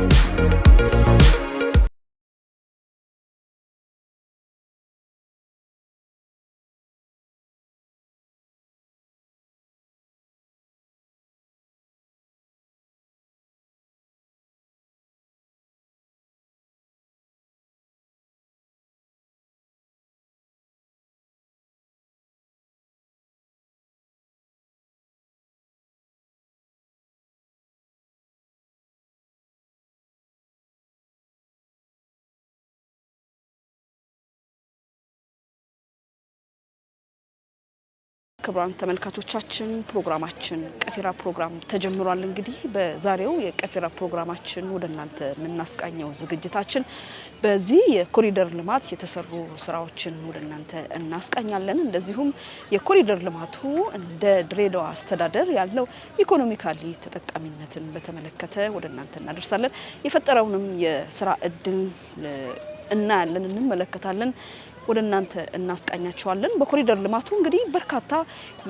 Thank ክቡራን ተመልካቾቻችን ፕሮግራማችን ቀፌራ ፕሮግራም ተጀምሯል። እንግዲህ በዛሬው የቀፌራ ፕሮግራማችን ወደ እናንተ የምናስቃኘው ዝግጅታችን በዚህ የኮሪደር ልማት የተሰሩ ስራዎችን ወደ እናንተ እናስቃኛለን። እንደዚሁም የኮሪደር ልማቱ እንደ ድሬዳዋ አስተዳደር ያለው ኢኮኖሚካሊ ተጠቃሚነትን በተመለከተ ወደ እናንተ እናደርሳለን። የፈጠረውንም የስራ እድል እናያለን፣ እንመለከታለን። ወደ እናንተ እናስቃኛቸዋለን። በኮሪደር ልማቱ እንግዲህ በርካታ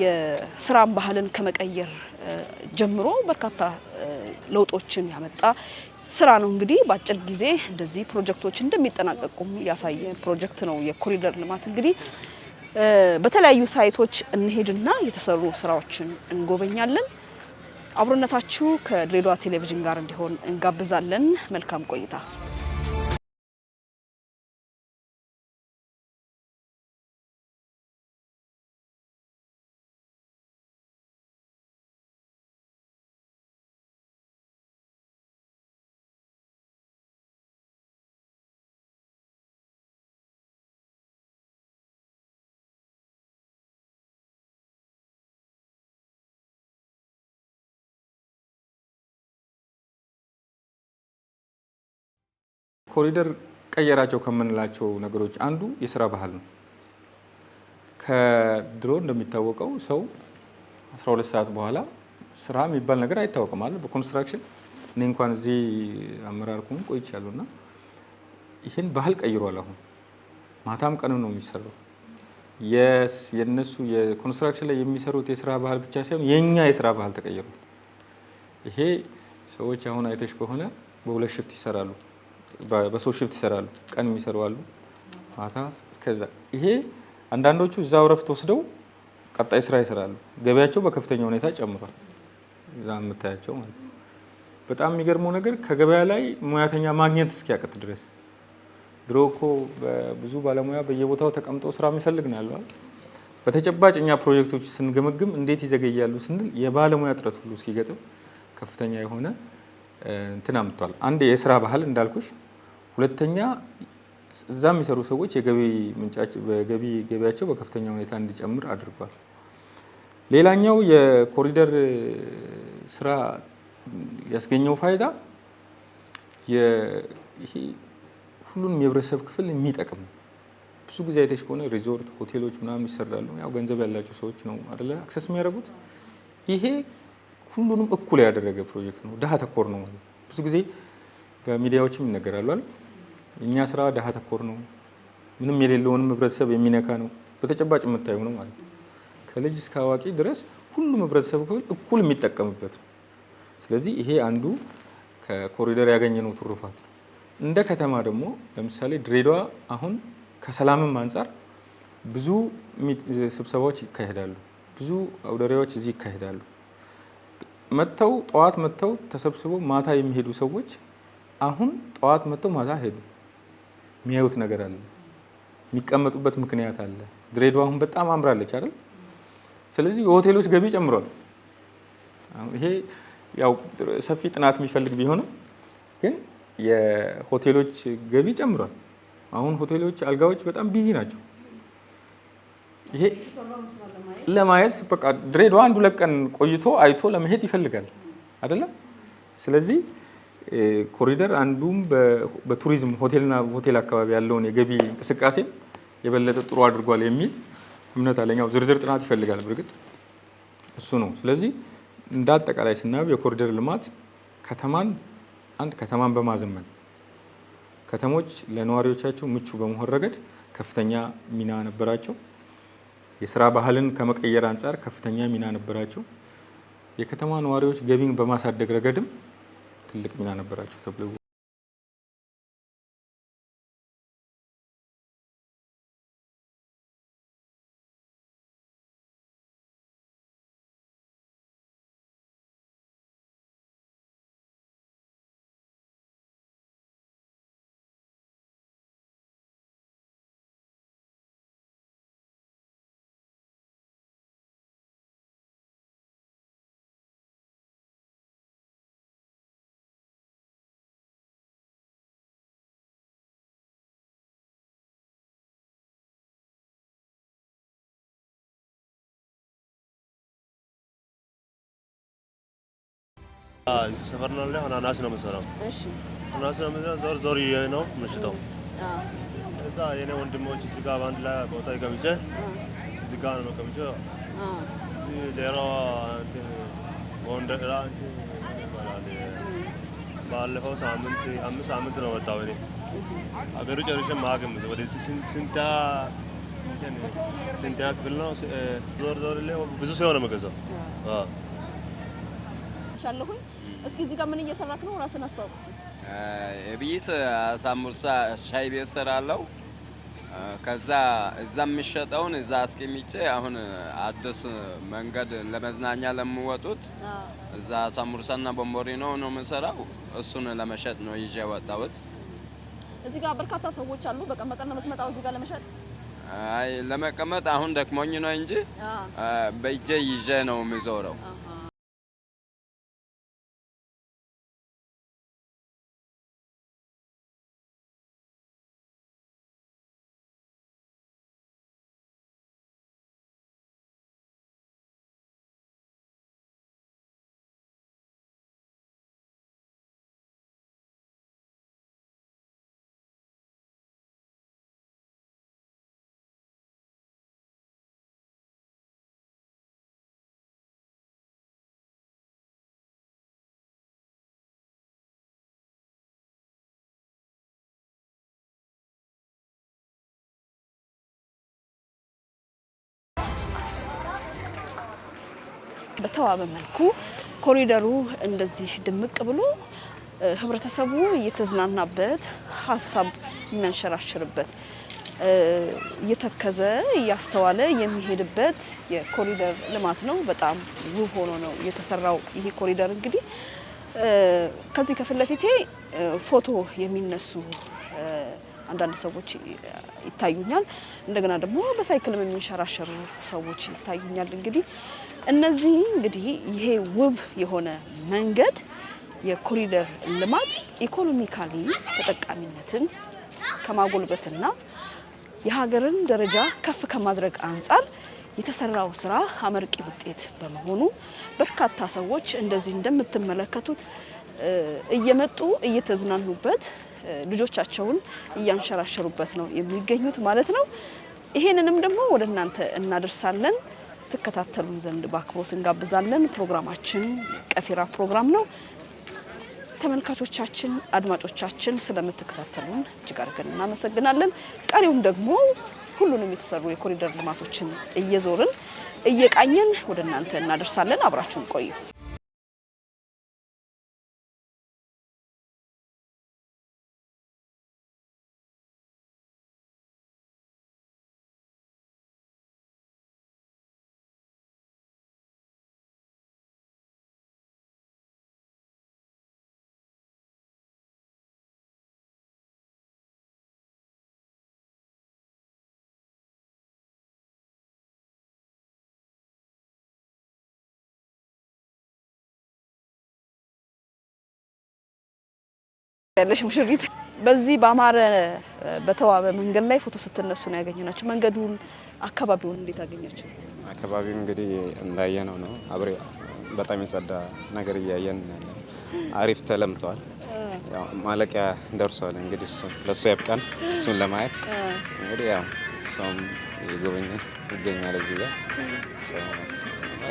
የስራን ባህልን ከመቀየር ጀምሮ በርካታ ለውጦችን ያመጣ ስራ ነው። እንግዲህ በአጭር ጊዜ እንደዚህ ፕሮጀክቶች እንደሚጠናቀቁም ያሳየ ፕሮጀክት ነው። የኮሪደር ልማት እንግዲህ በተለያዩ ሳይቶች እንሄድና የተሰሩ ስራዎችን እንጎበኛለን። አብሮነታችሁ ከድሬዳዋ ቴሌቪዥን ጋር እንዲሆን እንጋብዛለን። መልካም ቆይታ ኮሪደር ቀየራቸው ከምንላቸው ነገሮች አንዱ የስራ ባህል ነው። ከድሮ እንደሚታወቀው ሰው 12 ሰዓት በኋላ ስራ የሚባል ነገር አይታወቅም አለ በኮንስትራክሽን እኔ እንኳን እዚህ አመራር ኩን ቆይቻለሁ እና ይህን ባህል ቀይሯል። አሁን ማታም ቀን ነው የሚሰራው። የስ የነሱ የኮንስትራክሽን ላይ የሚሰሩት የስራ ባህል ብቻ ሳይሆን የእኛ የስራ ባህል ተቀይሯል። ይሄ ሰዎች አሁን አይተሽ ከሆነ በሁለት ሽፍት ይሰራሉ። በሰው ሽፍት ይሰራሉ። ቀን የሚሰሩ አሉ፣ ማታ እስከዛ። ይሄ አንዳንዶቹ እዛው ረፍት ወስደው ቀጣይ ስራ ይሰራሉ። ገበያቸው በከፍተኛ ሁኔታ ጨምሯል። እዛ የምታያቸው ማለት ነው። በጣም የሚገርመው ነገር ከገበያ ላይ ሙያተኛ ማግኘት እስኪያቅት ድረስ ድሮ እኮ ብዙ ባለሙያ በየቦታው ተቀምጦ ስራ የሚፈልግ ነው ያለዋል። በተጨባጭ እኛ ፕሮጀክቶች ስንገመግም እንዴት ይዘገያሉ ስንል የባለሙያ እጥረት ሁሉ እስኪገጥም ከፍተኛ የሆነ እንትን አምጥቷል። አንድ የስራ ባህል እንዳልኩሽ፣ ሁለተኛ እዛ የሚሰሩ ሰዎች የገቢ ምንጫቸው በገቢ ገቢያቸው በከፍተኛ ሁኔታ እንዲጨምር አድርጓል። ሌላኛው የኮሪደር ስራ ያስገኘው ፋይዳ ሁሉንም የህብረተሰብ ክፍል የሚጠቅም ብዙ ጊዜ አይተሽ ከሆነ ሪዞርት ሆቴሎች ምናምን ይሰራሉ። ያው ገንዘብ ያላቸው ሰዎች ነው አደለ አክሰስ የሚያደርጉት ይሄ ሁሉንም እኩል ያደረገ ፕሮጀክት ነው። ድሀ ተኮር ነው ማለት ብዙ ጊዜ በሚዲያዎችም ይነገራሉ እኛ ስራ ድሀ ተኮር ነው፣ ምንም የሌለውንም ህብረተሰብ የሚነካ ነው። በተጨባጭ የምታየው ነው ማለት ነው። ከልጅ እስከ አዋቂ ድረስ ሁሉም ህብረተሰብ ክፍል እኩል የሚጠቀምበት ነው። ስለዚህ ይሄ አንዱ ከኮሪደር ያገኘነው ትሩፋት ነው። እንደ ከተማ ደግሞ ለምሳሌ ድሬዳዋ አሁን ከሰላምም አንጻር ብዙ ስብሰባዎች ይካሄዳሉ፣ ብዙ አውደሪያዎች እዚህ ይካሄዳሉ። መጥተው ጠዋት መጥተው ተሰብስበው ማታ የሚሄዱ ሰዎች አሁን ጠዋት መጥተው ማታ ሄዱ። የሚያዩት ነገር አለ፣ የሚቀመጡበት ምክንያት አለ። ድሬዳዋ አሁን በጣም አምራለች አይደል? ስለዚህ የሆቴሎች ገቢ ጨምሯል። ይሄ ያው ሰፊ ጥናት የሚፈልግ ቢሆንም ግን የሆቴሎች ገቢ ጨምሯል። አሁን ሆቴሎች አልጋዎች በጣም ቢዚ ናቸው። ይሄ ለማየት በቃ ድሬዳዋ አንድ ሁለት ቀን ቆይቶ አይቶ ለመሄድ ይፈልጋል አይደለም። ስለዚህ ኮሪደር አንዱም በቱሪዝም ሆቴልና ሆቴል አካባቢ ያለውን የገቢ እንቅስቃሴ የበለጠ ጥሩ አድርጓል የሚል እምነት አለኝ። ዝርዝር ጥናት ይፈልጋል በእርግጥ እሱ ነው። ስለዚህ እንደ አጠቃላይ ስናየው የኮሪደር ልማት ከተማን አንድ ከተማን በማዘመን ከተሞች ለነዋሪዎቻቸው ምቹ በመሆን ረገድ ከፍተኛ ሚና ነበራቸው። የስራ ባህልን ከመቀየር አንጻር ከፍተኛ ሚና ነበራቸው። የከተማ ነዋሪዎች ገቢን በማሳደግ ረገድም ትልቅ ሚና ነበራቸው ተብሎ እዚህ ሰፈር ነው ያለው። አናናስ ነው የምሰራው። እሺ አናናስ ነው የምሰራው። ዞር ዞር ይሄ ነው የምሽጠው። እዛ የኔ ወንድሞች እዚህ ጋር በአንድ ላይ ቦታ ገምቼ እዚህ ጋር ነው ገምቼ ሌላ ወንደላ ባለፈው ሳምንት አምስት ሳምንት ነው ወጣሁ እኔ አገሩ ጨርሼ ማግም ወደዚህ ስንታ ስንት ያክል ነው? ዞር ዞር ብዙ ሲሆን ነው የምገዛው። ቻለሁኝ እስኪ እዚህ ጋር ምን እየሰራክ ነው? ራስን አስተዋውቅ እስኪ። የብይት አሳምርሳ ሻይ ቤት ሰራለው። ከዛ እዛ የሚሸጠውን እዛ አስቀምጬ አሁን አዲስ መንገድ ለመዝናኛ ለሚወጡት እዛ ሳሙርሳና ቦምቦሪ ነው ነው የምሰራው። እሱን ለመሸጥ ነው ይዤ ወጣሁት። እዚህ ጋር በርካታ ሰዎች አሉ። በቀን በቀን ነው የምትመጣው እዚህ ጋር ለመሸጥ? አይ ለመቀመጥ አሁን ደክሞኝ ነው እንጂ በእጄ ይዤ ነው የሚዞረው። በተዋበ መልኩ ኮሪደሩ እንደዚህ ድምቅ ብሎ ህብረተሰቡ እየተዝናናበት ሀሳብ የሚያንሸራሽርበት እየተከዘ እያስተዋለ የሚሄድበት የኮሪደር ልማት ነው። በጣም ውብ ሆኖ ነው የተሰራው። ይሄ ኮሪደር እንግዲህ ከዚህ ከፊት ለፊቴ ፎቶ የሚነሱ አንዳንድ ሰዎች ይታዩኛል። እንደገና ደግሞ በሳይክልም የሚንሸራሸሩ ሰዎች ይታዩኛል። እንግዲህ እነዚህ እንግዲህ ይሄ ውብ የሆነ መንገድ የኮሪደር ልማት ኢኮኖሚካሊ ተጠቃሚነትን ከማጎልበትና የሀገርን ደረጃ ከፍ ከማድረግ አንጻር የተሰራው ስራ አመርቂ ውጤት በመሆኑ በርካታ ሰዎች እንደዚህ እንደምትመለከቱት እየመጡ እየተዝናኑበት ልጆቻቸውን እያንሸራሸሩበት ነው የሚገኙት ማለት ነው። ይሄንንም ደግሞ ወደ እናንተ እናደርሳለን። ትከታተሉን ዘንድ በአክብሮት እንጋብዛለን። ፕሮግራማችን ቀፊራ ፕሮግራም ነው። ተመልካቾቻችን፣ አድማጮቻችን ስለምትከታተሉን እጅግ አድርገን እናመሰግናለን። ቀሪውም ደግሞ ሁሉንም የተሰሩ የኮሪደር ልማቶችን እየዞርን እየቃኘን ወደ እናንተ እናደርሳለን። አብራችሁን ቆዩ። ያለሽ ሙሽሪት በዚህ በአማረ በተዋበ መንገድ ላይ ፎቶ ስትነሱ ነው ያገኘናቸው። መንገዱን አካባቢውን እንዴት አገኛችሁት? አካባቢው እንግዲህ እንዳየነው ነው። አብሬ በጣም የጸዳ ነገር እያየን አሪፍ ተለምተዋል። ማለቂያ ደርሷል። እንግዲህ ለእሱ ያብቃን። እሱን ለማየት እንግዲህ ያው ሰውም የጎበኘ ይገኛል እዚህ ጋር።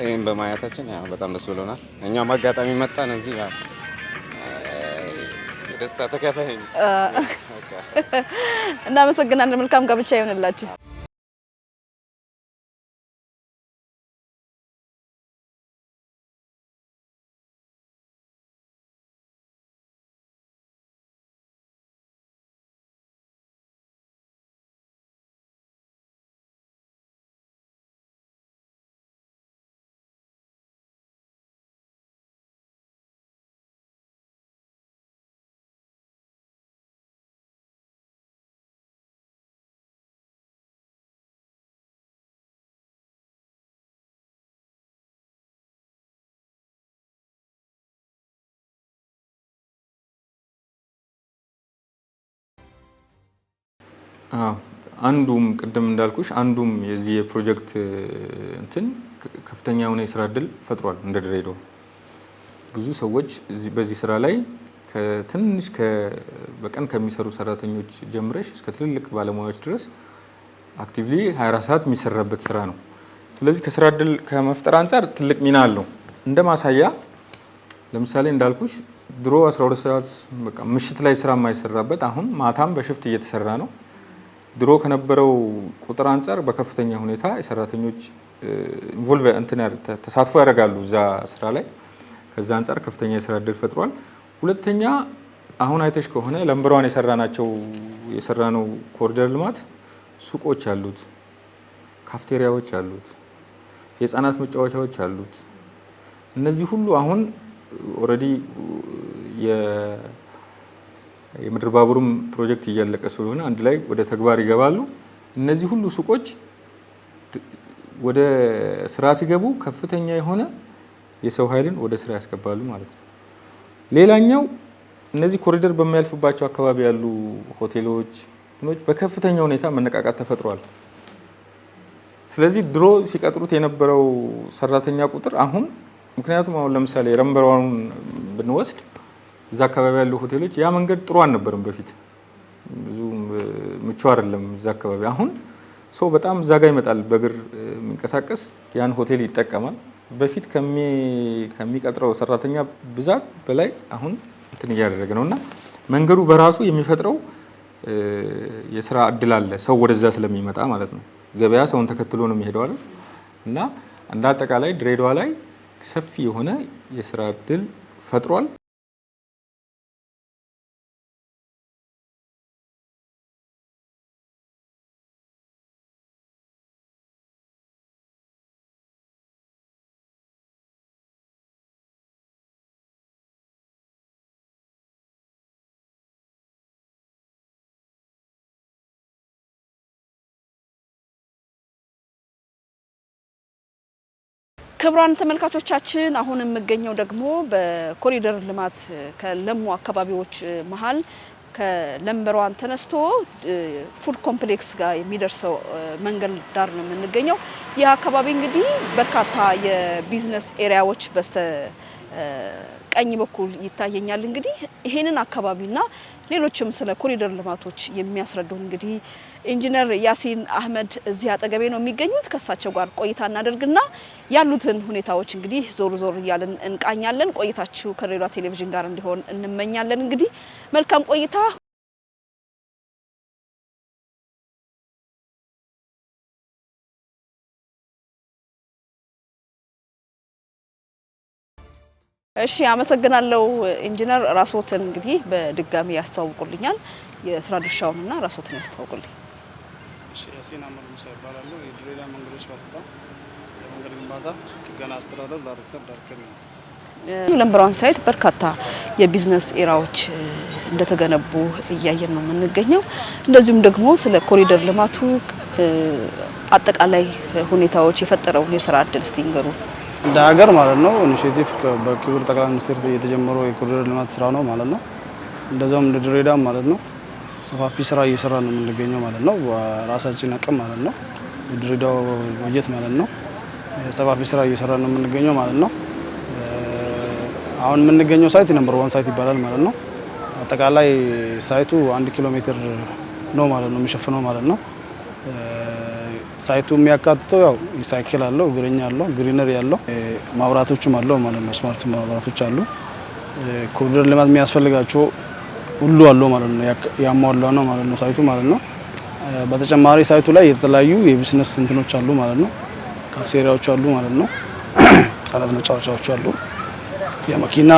ይህም በማየታችን በጣም ደስ ብሎናል። እኛም አጋጣሚ መጣን እዚህ ደስታ ተካፋይ ነኝ። እናመሰግናለን። መልካም ጋብቻ ይሆንላችሁ። አንዱም ቅድም እንዳልኩሽ አንዱም የዚህ የፕሮጀክት እንትን ከፍተኛ የሆነ የስራ እድል ፈጥሯል። እንደ ድሬዳዋ ብዙ ሰዎች በዚህ ስራ ላይ ከትንሽ በቀን ከሚሰሩ ሰራተኞች ጀምረሽ እስከ ትልልቅ ባለሙያዎች ድረስ አክቲቭሊ 24 ሰዓት የሚሰራበት ስራ ነው። ስለዚህ ከስራ እድል ከመፍጠር አንጻር ትልቅ ሚና አለው። እንደ ማሳያ ለምሳሌ እንዳልኩሽ ድሮ 12 ሰዓት በቃ ምሽት ላይ ስራ የማይሰራበት አሁን ማታም በሽፍት እየተሰራ ነው። ድሮ ከነበረው ቁጥር አንጻር በከፍተኛ ሁኔታ የሰራተኞች ኢንቮልቭ እንትን ተሳትፎ ያደርጋሉ እዛ ስራ ላይ። ከዛ አንጻር ከፍተኛ የስራ እድል ፈጥሯል። ሁለተኛ አሁን አይተሽ ከሆነ ለምብሯን የሰራ የሰራነው ኮሪደር ልማት ሱቆች አሉት፣ ካፍቴሪያዎች አሉት፣ የህፃናት መጫወቻዎች አሉት። እነዚህ ሁሉ አሁን ኦልሬዲ የምድር ባቡርም ፕሮጀክት እያለቀ ስለሆነ አንድ ላይ ወደ ተግባር ይገባሉ። እነዚህ ሁሉ ሱቆች ወደ ስራ ሲገቡ ከፍተኛ የሆነ የሰው ኃይልን ወደ ስራ ያስገባሉ ማለት ነው። ሌላኛው እነዚህ ኮሪደር በሚያልፍባቸው አካባቢ ያሉ ሆቴሎች በከፍተኛ ሁኔታ መነቃቃት ተፈጥሯል። ስለዚህ ድሮ ሲቀጥሩት የነበረው ሰራተኛ ቁጥር አሁን ምክንያቱም አሁን ለምሳሌ ረምበሯን ብንወስድ እዛ አካባቢ ያሉ ሆቴሎች ያ መንገድ ጥሩ አልነበርም በፊት ብዙ ምቹ አይደለም። እዛ አካባቢ አሁን ሰው በጣም እዛ ጋ ይመጣል። በእግር የሚንቀሳቀስ ያን ሆቴል ይጠቀማል። በፊት ከሚቀጥረው ሰራተኛ ብዛት በላይ አሁን እንትን እያደረገ ነው እና መንገዱ በራሱ የሚፈጥረው የስራ እድል አለ። ሰው ወደዛ ስለሚመጣ ማለት ነው። ገበያ ሰውን ተከትሎ ነው የሚሄደው አለ እና እንደ አጠቃላይ ድሬዳዋ ላይ ሰፊ የሆነ የስራ እድል ፈጥሯል። ክቡራን ተመልካቾቻችን አሁን የምገኘው ደግሞ በኮሪደር ልማት ከለሙ አካባቢዎች መሀል ከለምበሯን ተነስቶ ፉድ ኮምፕሌክስ ጋር የሚደርሰው መንገድ ዳር ነው የምንገኘው። ይህ አካባቢ እንግዲህ በርካታ የቢዝነስ ኤሪያዎች በስተ ቀኝ በኩል ይታየኛል። እንግዲህ ይሄንን አካባቢና ሌሎችም ስለ ኮሪደር ልማቶች የሚያስረዱን እንግዲህ ኢንጂነር ያሲን አህመድ እዚህ አጠገቤ ነው የሚገኙት። ከእሳቸው ጋር ቆይታ እናደርግና ያሉትን ሁኔታዎች እንግዲህ ዞር ዞር እያልን እንቃኛለን። ቆይታችሁ ከሬዲዮ ቴሌቪዥን ጋር እንዲሆን እንመኛለን። እንግዲህ መልካም ቆይታ እሺ አመሰግናለሁ ኢንጂነር ራስዎትን እንግዲህ በድጋሚ ያስተዋውቁልኛል የስራ እና ራስዎትን ያስተዋውቁልኝ እሺ ያሲን አህመድ ሙሳ ይባላሉ የድሬዳዋ መንገዶች ባለስልጣን የመንገድ ግንባታ ጥገና አስተዳደር ዳይሬክተር ዳይሬክተር ነው ለምብራውን ሳይት በርካታ የቢዝነስ ኤራዎች እንደተገነቡ እያየን ነው የምንገኘው። እንደዚሁም ደግሞ ስለ ኮሪደር ልማቱ አጠቃላይ ሁኔታዎች የፈጠረውን የስራ እድል እስቲ ንገሩ። እንደ ሀገር ማለት ነው ኢኒሼቲቭ በክቡር ጠቅላይ ሚኒስትር የተጀመረው የኮሪደር ልማት ስራ ነው ማለት ነው። እንደዛም እንደ ማለት ነው ሰፋፊ ስራ እየሰራ ነው የምንገኘው ማለት ነው። ራሳችን አቅም ማለት ነው ድሬዳዋ በጀት ማለት ነው ሰፋፊ ስራ እየሰራ ነው የምንገኘው ማለት ነው። አሁን የምንገኘው ሳይት ነምበር ዋን ሳይት ይባላል ማለት ነው። አጠቃላይ ሳይቱ አንድ ኪሎ ሜትር ነው ማለት ነው የሚሸፍነው ማለት ነው። ሳይቱ የሚያካትተው ያው ሳይክል አለው፣ እግረኛ አለው፣ ግሪነር ያለው ማብራቶችም አለው ማለት ነው። ስማርት ማብራቶች አሉ። ኮሪደር ልማት የሚያስፈልጋቸው ሁሉ አለው ማለት ነው። ያሟላ ነው ማለት ነው ሳይቱ ማለት ነው። በተጨማሪ ሳይቱ ላይ የተለያዩ የቢዝነስ እንትኖች አሉ ማለት ነው። ካፍቴሪያዎች አሉ ማለት ነው። ህጻናት መጫወቻዎች አሉ። የመኪና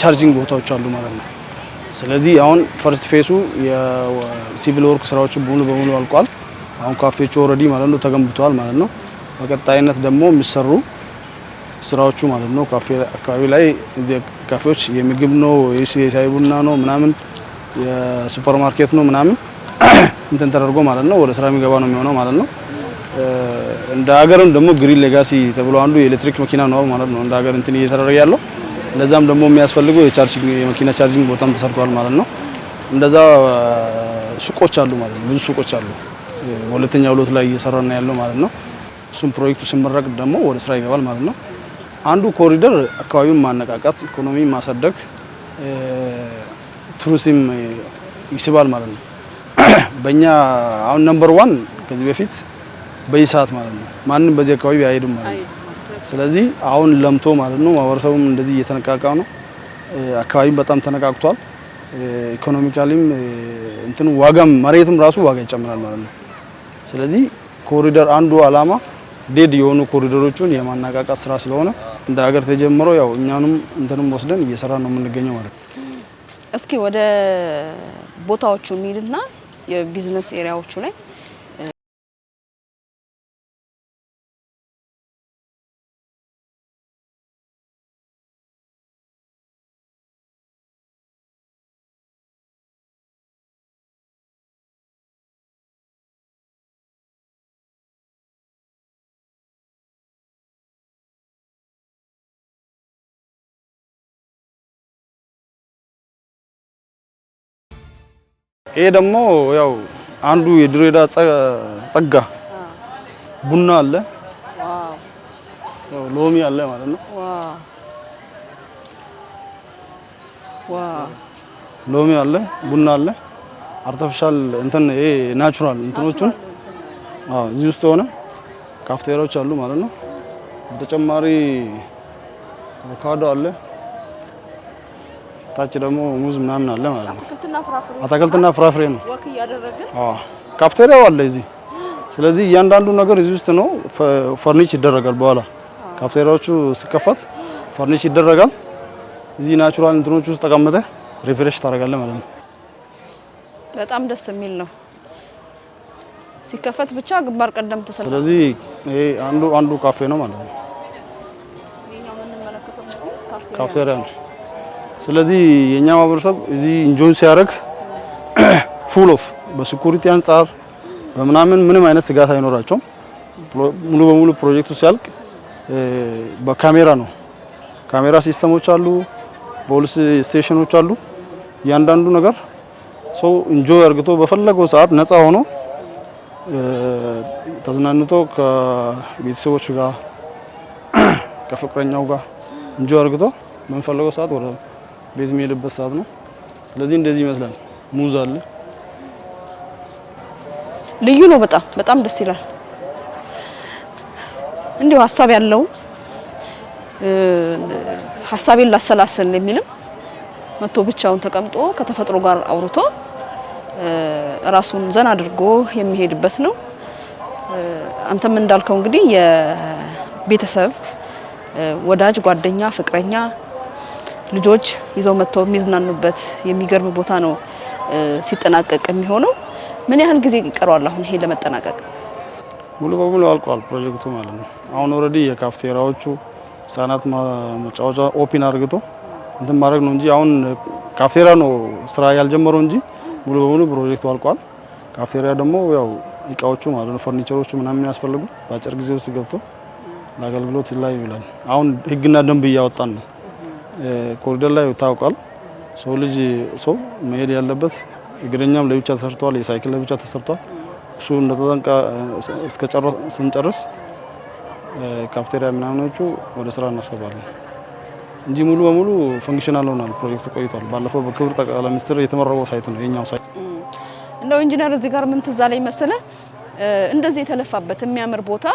ቻርጂንግ ቦታዎች አሉ ማለት ነው። ስለዚህ አሁን ፈርስት ፌሱ የሲቪል ወርክ ስራዎች ሙሉ በሙሉ አልቋል። አሁን ካፌዎቹ ኦልሬዲ ማለት ነው ተገንብተዋል ማለት ነው። በቀጣይነት ደግሞ የሚሰሩ ስራዎቹ ማለት ነው ካፌ አካባቢ ላይ እዚህ ካፌዎች የምግብ ነው የሻይ ቡና ነው ምናምን የሱፐር ማርኬት ነው ምናምን እንትን ተደርጎ ማለት ነው ወደ ስራ የሚገባ ነው የሚሆነው ማለት ነው። እንደ ሀገርም ደግሞ ግሪን ሌጋሲ ተብሎ አንዱ የኤሌክትሪክ መኪና ነው ማለት ነው እንደ ሀገር እንትን እየተደረገ ያለው ለዛም ደግሞ የሚያስፈልገው የቻርጂንግ የመኪና ቻርጂንግ ቦታም ተሰርቷል ማለት ነው። እንደዛ ሱቆች አሉ ማለት ነው ብዙ ሱቆች አሉ። ሁለተኛው ሎት ላይ እየሰራና ያለው ማለት ነው። እሱም ፕሮጀክቱ ሲመረቅ ደግሞ ወደ ስራ ይገባል ማለት ነው። አንዱ ኮሪደር አካባቢውን ማነቃቃት፣ ኢኮኖሚ ማሳደግ፣ ቱሪዝም ይስባል ማለት ነው። በእኛ አሁን ነምበር ዋን ከዚህ በፊት በዚህ ሰዓት ማለት ነው ማንም በዚህ አካባቢ አይሄድም ማለት ነው። ስለዚህ አሁን ለምቶ ማለት ነው ማህበረሰቡም እንደዚህ እየተነቃቃ ነው። አካባቢም በጣም ተነቃቅቷል። ኢኮኖሚካሊም እንትን ዋጋም መሬትም ራሱ ዋጋ ይጨምራል ማለት ነው። ስለዚህ ኮሪደር አንዱ አላማ ዴድ የሆኑ ኮሪደሮቹን የማነቃቃት ስራ ስለሆነ እንደ ሀገር ተጀምሮ ያው እኛንም እንትንም ወስደን እየሰራ ነው የምንገኘው ማለት ነው። እስኪ ወደ ቦታዎቹ እንሂድና የቢዝነስ ኤሪያዎቹ ላይ ይሄ ደግሞ ያው አንዱ የድሬዳ ጸጋ ቡና አለ፣ ሎሚ አለ ማለት ነው። ሎሚ አለ፣ ቡና አለ። አርቲፊሻል እንትን ይሄ ናቹራል እንትኖቹን አዎ፣ እዚህ ውስጥ የሆነ ካፍቴሪያዎች አሉ ማለት ነው። በተጨማሪ አቮካዶ አለ፣ ታች ደግሞ ሙዝ ምናምን አለ ማለት ነው። አትክልትና ፍራፍሬ ነው። ካፍቴሪያው አለ እዚህ። ስለዚህ እያንዳንዱ ነገር እዚህ ውስጥ ነው። ፈርኒች ይደረጋል። በኋላ ካፍቴሪያዎቹ ሲከፈት ፈርኒች ይደረጋል። እዚህ ናቹራል እንትኖች ውስጥ ተቀምጠ ሪፍሬሽ ታደርጋለህ ማለት ነው። በጣም ደስ የሚል ነው። ሲከፈት ብቻ ግንባር ቀደም ተሰልፈ። ስለዚህ ይሄ አንዱ አንዱ ካፌ ነው ማለት ነው። ካፍቴሪያ ነው። ስለዚህ የኛ ማህበረሰብ እዚህ እንጆን ሲያደርግ ፉል ኦፍ በሴኩሪቲ አንጻር በምናምን ምንም አይነት ስጋት አይኖራቸውም። ሙሉ በሙሉ ፕሮጀክቱ ሲያልቅ በካሜራ ነው። ካሜራ ሲስተሞች አሉ፣ ፖሊስ ስቴሽኖች አሉ። እያንዳንዱ ነገር ሰው እንጆ አርግቶ በፈለገው ሰዓት ነፃ ሆኖ ተዝናንቶ ከቤተሰቦች ጋር ከፍቅረኛው ጋር እንጆ አርግቶ በምፈለገው ሰዓት ወደ ቤት የሚሄድበት ሰዓት ነው። ስለዚህ እንደዚህ ይመስላል። ሙዝ አለ። ልዩ ነው። በጣም በጣም ደስ ይላል። እንዲሁ ሀሳብ ያለው ሀሳቤን ላሰላሰል የሚልም መጥቶ ብቻውን ተቀምጦ ከተፈጥሮ ጋር አውርቶ ራሱን ዘና አድርጎ የሚሄድበት ነው። አንተም እንዳልከው እንግዲህ የቤተሰብ ወዳጅ፣ ጓደኛ፣ ፍቅረኛ ልጆች ይዘው መጥተው የሚዝናኑበት የሚገርም ቦታ ነው ሲጠናቀቅ የሚሆነው። ምን ያህል ጊዜ ይቀረዋል አሁን ይሄ ለመጠናቀቅ? ሙሉ በሙሉ አልቋል ፕሮጀክቱ ማለት ነው። አሁን ኦልሬዲ የካፍቴራዎቹ ህጻናት መጫወቻ ኦፒን አድርግቶ እንትን ማድረግ ነው እንጂ አሁን ካፍቴራ ነው ስራ ያልጀመረው እንጂ ሙሉ በሙሉ ፕሮጀክቱ አልቋል። ካፍቴራ ደግሞ ያው እቃዎቹ ማለት ነው ፈርኒቸሮቹ ምናምን የሚያስፈልጉ በአጭር ጊዜ ውስጥ ገብቶ ለአገልግሎት ላይ ይውላል። አሁን ህግና ደንብ እያወጣን ነው። ኮሪደር ላይ ታውቋል። ሰው ልጅ ሰው መሄድ ያለበት እግረኛም ለብቻ ተሰርቷል፣ የሳይክል ለብቻ ተሰርቷል። እሱ እንደተጠንቀ ስንጨርስ ካፍቴሪያ ምናምኖቹ ወደ ስራ እናስገባለን እንጂ ሙሉ በሙሉ ፈንክሽናል ሆናል ፕሮጀክቱ ቆይቷል። ባለፈው በክብር ጠቅላይ ሚኒስትር የተመረቀው ሳይት ነው የኛው ሳይት። እንደው ኢንጂነር እዚህ ጋር ምን ትዝ አለኝ መሰለህ፣ እንደዚህ የተለፋበት የሚያምር ቦታ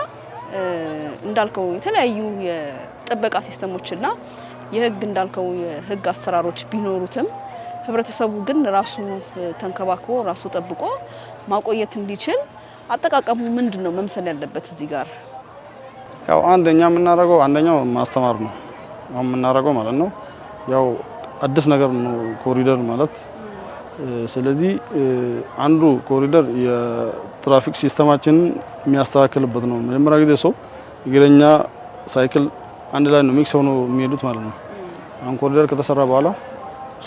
እንዳልከው የተለያዩ የጥበቃ ሲስተሞችና የህግ እንዳልከው የህግ አሰራሮች ቢኖሩትም ህብረተሰቡ ግን ራሱ ተንከባክቦ ራሱ ጠብቆ ማቆየት እንዲችል አጠቃቀሙ ምንድን ነው መምሰል ያለበት? እዚህ ጋር ያው አንደኛ የምናደርገው አንደኛው ማስተማር ነው። የምናደርገው ማለት ነው ያው አዲስ ነገር ነው ኮሪደር ማለት ስለዚህ አንዱ ኮሪደር የትራፊክ ሲስተማችንን የሚያስተካክልበት ነው። መጀመሪያ ጊዜ ሰው እግረኛ ሳይክል አንድ ላይ ነው ሚክስ ሆኖ የሚሄዱት ማለት ነው። አሁን ኮሪደር ከተሰራ በኋላ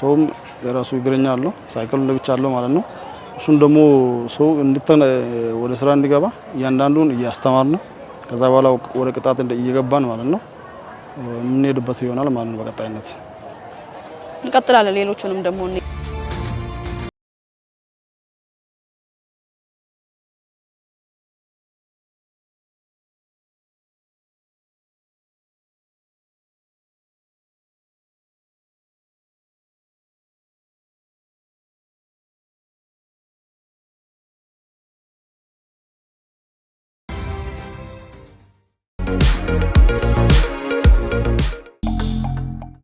ሰውም የራሱ እግረኛ አለው፣ ሳይክል ለብቻ አለው ማለት ነው። እሱን ደግሞ ሰው ወደ ስራ እንዲገባ እያንዳንዱን እያስተማር ነው። ከዛ በኋላ ወደ ቅጣት እየገባን ማለት ነው የምንሄድበት ይሆናል ማለት ነው። በቀጣይነት እንቀጥላለን ሌሎቹንም ደግሞ